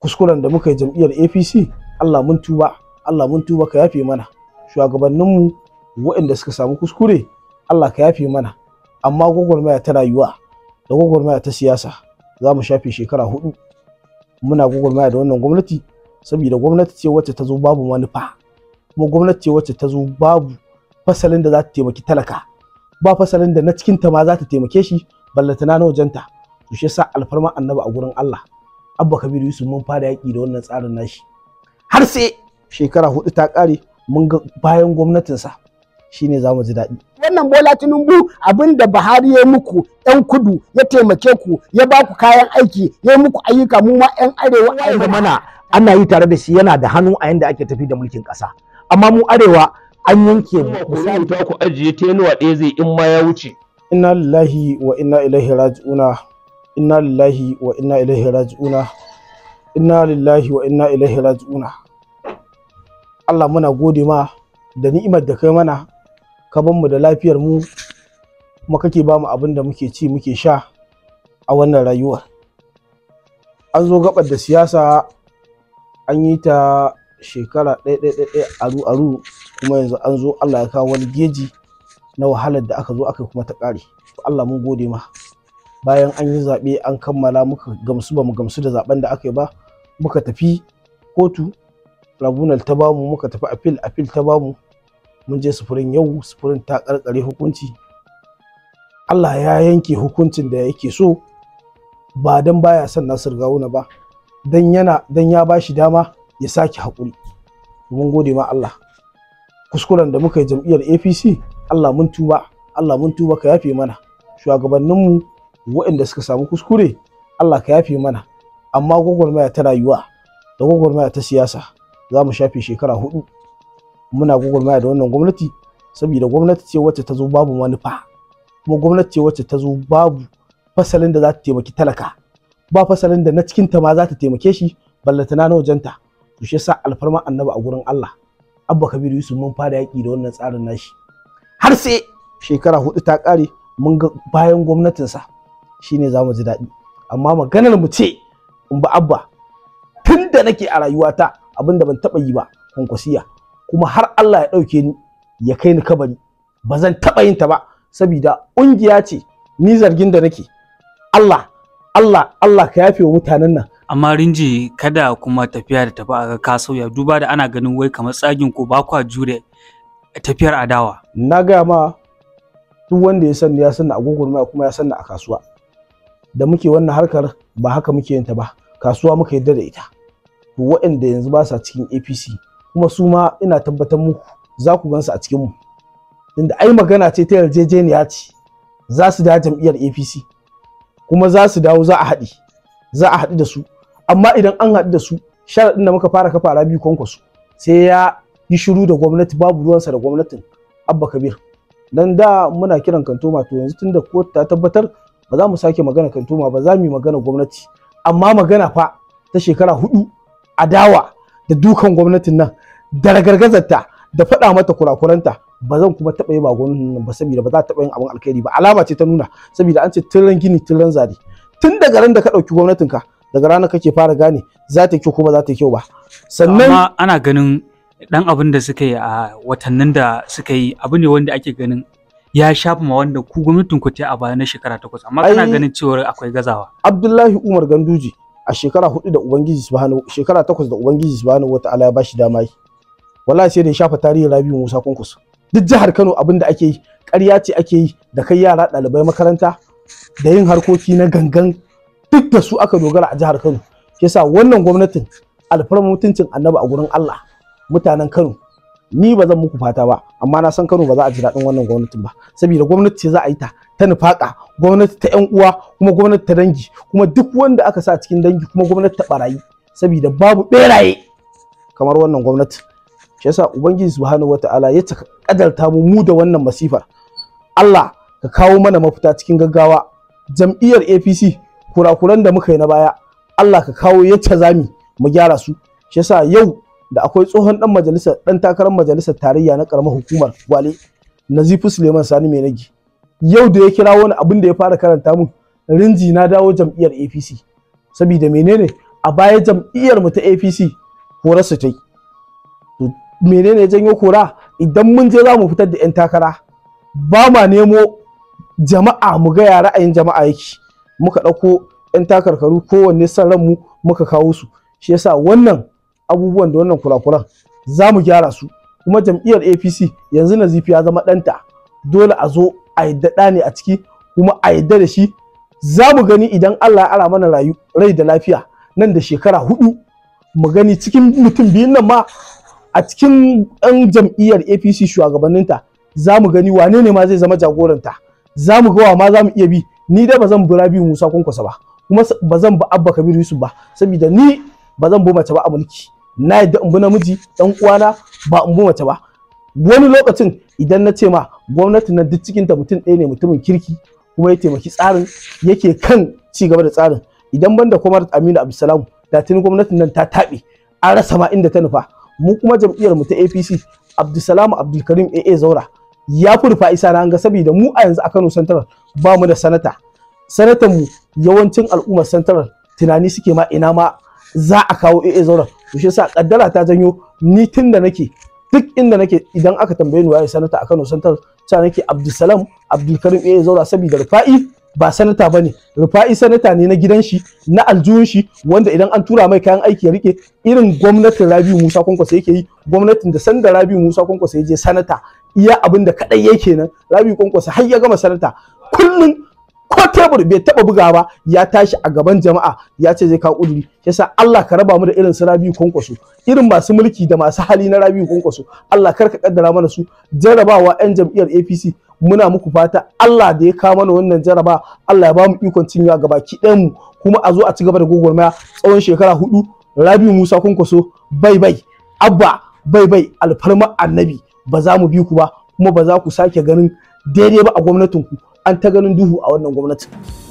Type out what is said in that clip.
kuskuren da muka yi jam'iyyar apc allah mun tuba allah mun tuba ka yafe mana shugabanninmu waɗanda suka samu kuskure allah ka yafe mana amma gwagwarmaya ta rayuwa da gwagwarmaya ta siyasa za mu shafe shekara hudu muna gwagwarmaya da wannan gwamnati saboda gwamnati ce wacce ta zo babu manufa kuma gwamnati ce wacce ta zo babu fasalin da za ta taimaki talaka ba fasalin da na cikinta ma za ta taimake shi ballantana na wajenta to shi yasa alfarma annabi a gurin Allah abba kabiru yusuf mun fara yaƙi da wannan tsarin nashi har sai shekara hudu ta ƙare mun ga bayan gwamnatinsa shine zamu ji daɗi wannan bola tinubu abin da buhari ya muku yan kudu ya taimake ku ya ba ku kayan aiki ya muku ayyuka mu ma yan arewa a mana ana yi tare da shi yana da hannu a yanda ake tafi da mulkin ƙasa amma mu arewa an yanke mu sai ta ku ajiye tenuwa ɗaya zai in ma ya wuce inna lillahi wa inna ilaihi raji'una inna lillahi wa inna ilaihi raji'una inna lillahi wa inna ilaihi raji'una Allah muna gode ma da ni'imar da kai mana ka mu da lafiyar mu kuma kake ba mu abin da muke ci muke sha a wannan rayuwar an zo gabar da siyasa an yi ta shekara ɗaya ɗaya ɗaya aru aru kuma yanzu an zo Allah ya kawo wani geji na wahalar da aka zo aka kuma ta ƙare Allah mun gode ma bayan an yi zaɓe an kammala muka gamsu ba mu gamsu da zaɓen da aka yi ba muka tafi kotu tribunal ta bamu muka tafi appeal appeal ta bamu mun je sufurin yau sufurin ta karkare hukunci Allah ya yanke hukuncin da yake so ba dan baya son Nasir Gawuna ba dan yana dan ya bashi dama ya sake hakuri mun gode ma Allah kuskuren da muka yi jam'iyyar APC Allah mun tuba Allah mun tuba ka yafe mana shugabanninmu waɗanda suka samu kuskure Allah ka yafe mana amma gwagwarmaya ta rayuwa da gwagwarmaya ta siyasa za mu shafe shekara hudu muna gwagwarmaya da wannan gwamnati saboda gwamnati ce wacce ta zo babu manufa kuma gwamnati ce wacce ta zo babu fasalin da za ta taimaki talaka ba fasalin da na cikin ta ma za ta taimake shi ballatana na wajenta to shi yasa alfarma annabi a gurin Allah abba kabiru yusuf mun fara yaki da wannan tsarin nashi har sai shekara hudu ta kare mun ga bayan gwamnatinsa shine za mu ji daɗi amma maganar mu ce in ba abba tun da nake a rayuwata abin da ban taɓa yi ba kwankwasiya kuma har Allah ya ɗauke ni ya kai ni kabari ba zan taɓa yin ta ba saboda ƙungiya ce ni zargin da nake Allah Allah Allah ka yafe wa mutanen nan amma rinji kada kuma tafiya da tafi a ka sauya duba da ana ganin wai kamar tsagin ko ba kwa jure tafiyar adawa na ga ma duk wanda ya sani ya sanni a gugurma kuma ya sanni a kasuwa da muke wannan harkar ba haka muke yin ta ba kasuwa muka yarda da ita to waɗanda yanzu ba sa cikin APC kuma su ma ina tabbatar muku za ku gansu a cikin mu inda ai magana ce ta yarjejeniya ce za su dawo jam'iyyar APC kuma za su dawo za a haɗi za a haɗu da su amma idan an haɗu da su sharaɗin da muka fara kafa rabi kwankwaso sai ya yi shiru da gwamnati babu ruwansa da gwamnatin abba kabir dan da muna kiran kantoma to yanzu tunda kotu ta tabbatar ba za mu sake magana tuma ba za mu yi magana gwamnati amma magana fa ta shekara hudu a dawa da dukan gwamnatin nan da ragargazarta da faɗa mata kurakuranta ba zan kuma taɓa yi ba gwamnatin nan ba saboda ba za ta taɓa yin abin alkhairi ba alama ce ta nuna saboda an ce tiran gini tiran zari tun daga ran da ka ɗauki gwamnatinka daga ranar kake fara gane za ta kyau kuma za ta kyau ba sannan amma ana ganin dan abin da suka yi a watannin da suka yi abu ne wanda ake ganin ya shafa ma wanda ku gwamnatin ku ta a baya na shekara takwas amma kana ganin cewa akwai gazawa Abdullahi Umar Ganduji a shekara hudu da Ubangiji subhanahu shekara takwas da Ubangiji subhanahu wata'ala ya bashi dama yi wallahi sai da shafa tarihin Rabi'u Musa Kunkus duk jihar Kano abin da ake yi ƙarya ce ake yi da kai yara ɗalibai makaranta da yin harkoki na gangan duk da su aka dogara a jihar Kano yasa wannan gwamnatin alfarma mutuncin annabi a gurin Allah mutanen Kano ni ba zan muku fata ba amma na san Kano ba za a ji daɗin wannan gwamnatin ba saboda gwamnati za a yi ta ta nufaka gwamnati ta yan uwa kuma gwamnati ta dangi kuma duk wanda aka sa cikin dangi kuma gwamnati ta barayi saboda babu beraye kamar wannan gwamnati shi yasa ubangiji subhanahu wataala ya ta kadarta mu mu da wannan masifar Allah ka kawo mana mafita cikin gaggawa jam'iyyar APC kurakuran da muka yi na baya Allah ka kawo yacce zami mu gyara su shi yasa yau da akwai tsohon dan majalisar dan takarar majalisar tarayya na karamar hukumar gwale nazifu suleiman sani menagi yau da ya kira wani abin da ya fara karanta mun rinji na dawo jam'iyyar apc saboda menene a baya jam'iyyar mu ta apc su tai to menene janyo kora idan mun je za mu fitar da 'yan takara ba ma nemo jama'a mu ga ra'ayin jama'a yake muka ɗauko 'yan takarkaru kowanne san ran mu muka kawo su shi yasa wannan abubuwan da wannan kurakuran za mu gyara su kuma jam'iyyar apc yanzu nazifi ya zama ɗanta dole a zo a yadda ɗa ne a ciki kuma a yadda da shi za mu gani idan allah ya ara mana rayu rai da lafiya nan da shekara hudu mu gani cikin mutum biyun nan ma a cikin ɗan jam'iyyar apc shugabanninta za mu gani wane ne ma zai zama jagoranta za mu ga wa ma za mu iya bi ni dai ba zan bi musa kwankwasa ba kuma ba zan ba abba kabiru yusuf ba saboda ni ba zan bi mace ba a mulki na yadda in bi namiji Ɗan uwana ba in bi mace ba wani lokacin idan na ce ma gwamnati na duk cikin ta mutum ɗaya ne mutumin kirki kuma ya taimaki tsarin yake kan ci gaba da tsarin idan banda kuma Aminu Abdulsalam da tuni gwamnatin nan ta taɓe an rasa ma inda ta nufa mu kuma jam'iyyar mu ta APC Abdulsalam Abdulkarim AA Zaura ya fi rufa isa na hanga saboda mu a yanzu a Kano Central ba mu da sanata sanatan mu yawancin al'ummar Central tunani suke ma ina ma za a kawo AA Zaura shi yasa kaddara ta janyo ni tun da nake duk inda nake idan aka tambaye ni waye sanata a Kano Central ta nake Abdulsalam Abdulkarim eh zaura saboda Rufa'i ba sanata bane Rufa'i sanata ne na gidan shi na aljihun shi wanda idan an tura mai kayan aiki ya rike irin gwamnatin Rabiu Musa Kwankwaso yake yi gwamnatin da sanda Rabiu Musa Kwankwaso ya je sanata iya abin da kadai yake nan Rabiu Kwankwaso har ya gama sanata kullum tebur bai taba buga ba ya tashi a gaban jama'a ya ce zai kawo kuduri yasa Allah ka raba mu da irin su Rabiu Kwankwaso irin masu mulki da masu hali na Rabiu Kwankwaso Allah kar ka kaddara mana su jarabawa yan jam'iyyar APC muna muku fata Allah da ya kawo mana wannan jaraba Allah ya ba mu ikon cinyewa baki ɗayan mu kuma a zo a ci gaba da gwagwarmaya tsawon shekara hudu Rabiu Musa Kwankwaso bai bai abba bai bai alfarma annabi ba za mu bi ku ba kuma ba za ku sake ganin daidai ba a gwamnatin ku an ta ganin duhu a wannan gwamnati